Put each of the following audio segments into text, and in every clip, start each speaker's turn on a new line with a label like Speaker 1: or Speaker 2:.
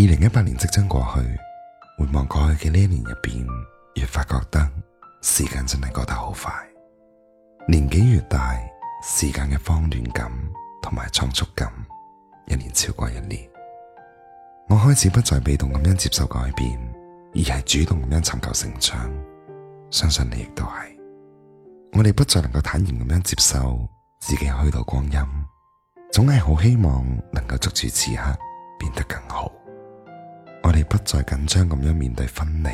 Speaker 1: 二零一八年即將過去，回望過去嘅呢一年入邊，越發覺得時間真係過得好快。年紀越大，時間嘅慌亂感同埋倉促感，一年超過一年。我開始不再被動咁樣接受改變，而係主動咁樣尋求成長。相信你亦都係，我哋不再能夠坦然咁樣接受自己虛度光陰，總係好希望能夠捉住此刻，變得更好。我哋不再緊張咁樣面對分離，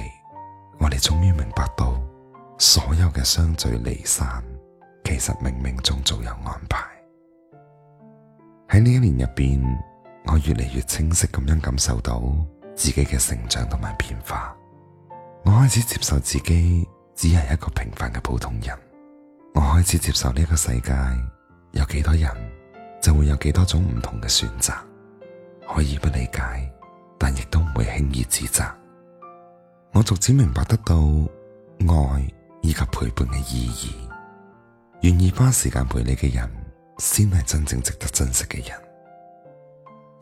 Speaker 1: 我哋終於明白到，所有嘅相聚離散，其實冥冥中早有安排。喺呢一年入邊，我越嚟越清晰咁樣感受到自己嘅成長同埋變化。我開始接受自己只係一個平凡嘅普通人，我開始接受呢個世界有幾多人，就會有幾多種唔同嘅選擇，可以不理解，但亦都唔會輕易指責，我逐漸明白得到愛以及陪伴嘅意義，願意花時間陪你嘅人，先係真正值得珍惜嘅人。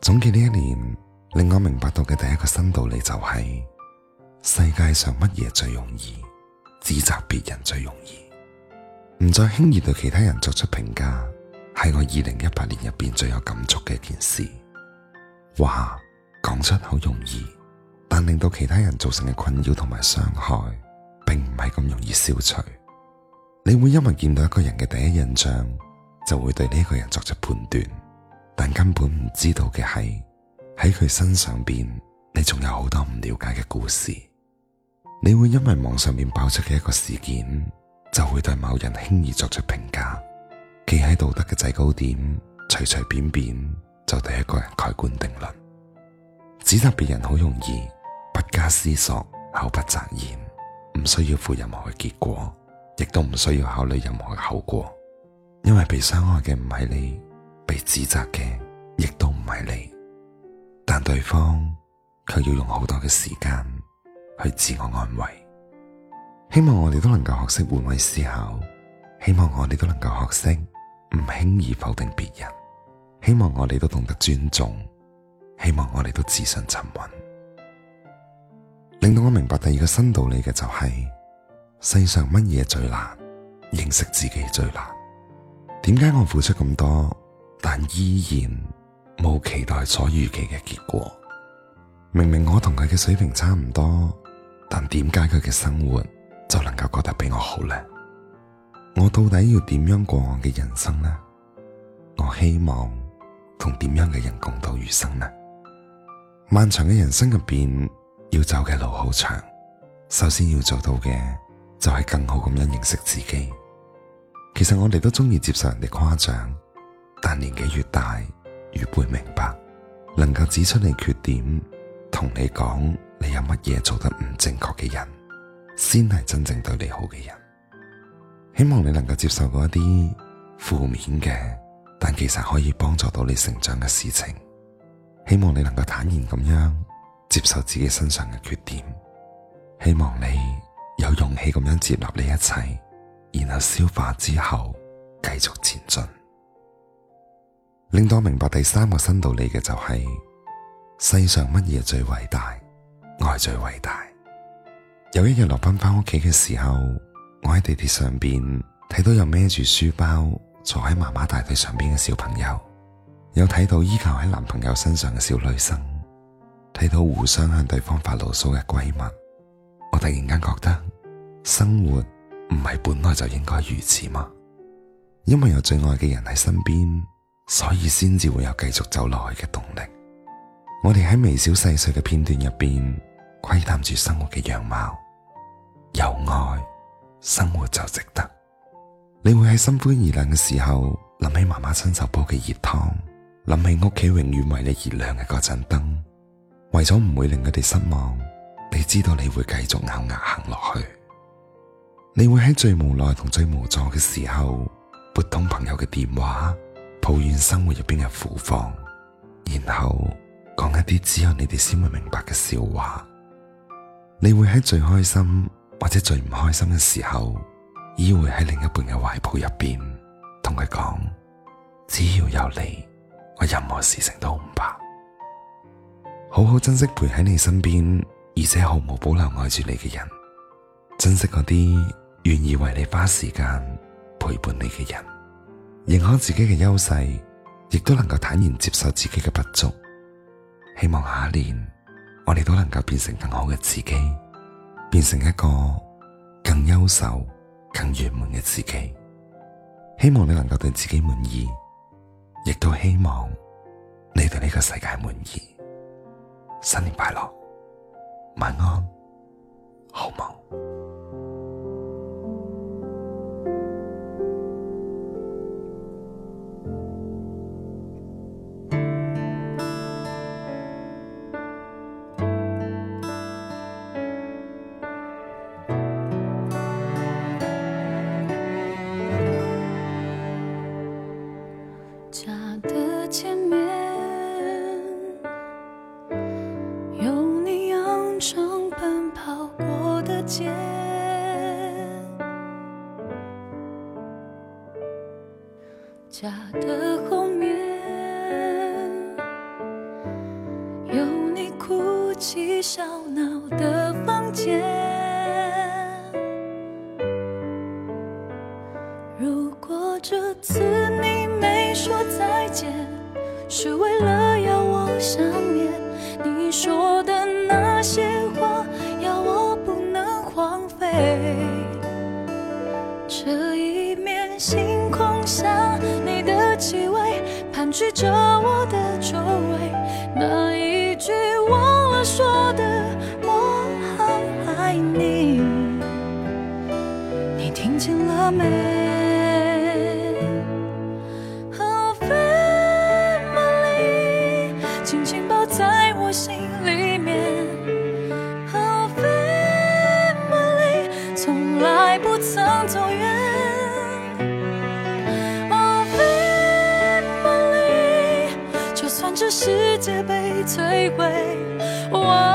Speaker 1: 總結呢一年令我明白到嘅第一個新道理就係、是，世界上乜嘢最容易指責別人最容易，唔再輕易對其他人作出評價，係我二零一八年入邊最有感觸嘅一件事。哇。講出口容易，但令到其他人造成嘅困擾同埋傷害，並唔係咁容易消除。你會因為見到一個人嘅第一印象，就會對呢個人作出判斷，但根本唔知道嘅係喺佢身上邊，你仲有好多唔了解嘅故事。你會因為網上面爆出嘅一個事件，就會對某人輕易作出評價，企喺道德嘅制高點，隨隨便便，便就對一個人蓋棺定論。指責別人好容易，不加思索，口不擇言，唔需要負任何結果，亦都唔需要考慮任何後果，因為被傷害嘅唔係你，被指責嘅亦都唔係你，但對方卻要用好多嘅時間去自我安慰。希望我哋都能夠學識換位思考，希望我哋都能夠學識唔輕易否定別人，希望我哋都懂得尊重。希望我哋都自信沉穩，令到我明白第二個新道理嘅就係：世上乜嘢最難？認識自己最難。點解我付出咁多，但依然冇期待所預期嘅結果？明明我同佢嘅水平差唔多，但點解佢嘅生活就能夠覺得比我好咧？我到底要點樣過我嘅人生呢？我希望同點樣嘅人共度餘生呢？漫長嘅人生入邊，要走嘅路好長。首先要做到嘅就係更好咁樣認識自己。其實我哋都中意接受人哋誇獎，但年紀越大越會明白，能夠指出你缺點，同你講你有乜嘢做得唔正確嘅人，先係真正對你好嘅人。希望你能夠接受嗰一啲負面嘅，但其實可以幫助到你成長嘅事情。希望你能夠坦然咁樣接受自己身上嘅缺點，希望你有勇氣咁樣接納呢一切，然後消化之後繼續前進。令到我明白第三個新道理嘅就係，世上乜嘢最偉大？愛最偉大。有一日落班翻屋企嘅時候，我喺地鐵上邊睇到有孭住書包坐喺媽媽大腿上邊嘅小朋友。有睇到依靠喺男朋友身上嘅小女生，睇到互相向對方發牢騷嘅閨蜜，我突然間覺得生活唔係本來就應該如此嗎？因為有最愛嘅人喺身邊，所以先至會有繼續走落去嘅動力。我哋喺微小細碎嘅片段入邊窺探住生活嘅樣貌，有愛，生活就值得。你會喺心灰意冷嘅時候諗起媽媽親手煲嘅熱湯。諗起屋企永遠為你而亮嘅嗰盞燈，為咗唔會令佢哋失望，你知道你會繼續咬牙行落去。你會喺最無奈同最無助嘅時候撥通朋友嘅電話，抱怨生活入邊嘅苦況，然後講一啲只有你哋先會明白嘅笑話。你會喺最開心或者最唔開心嘅時候，依偎喺另一半嘅懷抱入邊，同佢講，只要有你。我任何事情都唔怕，好好珍惜陪喺你身邊而且毫無保留愛住你嘅人，珍惜嗰啲願意為你花時間陪伴你嘅人，認可自己嘅優勢，亦都能夠坦然接受自己嘅不足。希望下一年我哋都能夠變成更好嘅自己，變成一個更優秀、更圓滿嘅自己。希望你能夠對自己滿意。亦都希望你對呢個世界滿意，新年快樂，晚安，好夢。
Speaker 2: 家的後面，有你哭泣笑鬧的房間。聽見了沒？Oh family，緊緊抱在我心裏面。Oh family，從來不曾走遠。Oh family，就算這世界被摧毀。我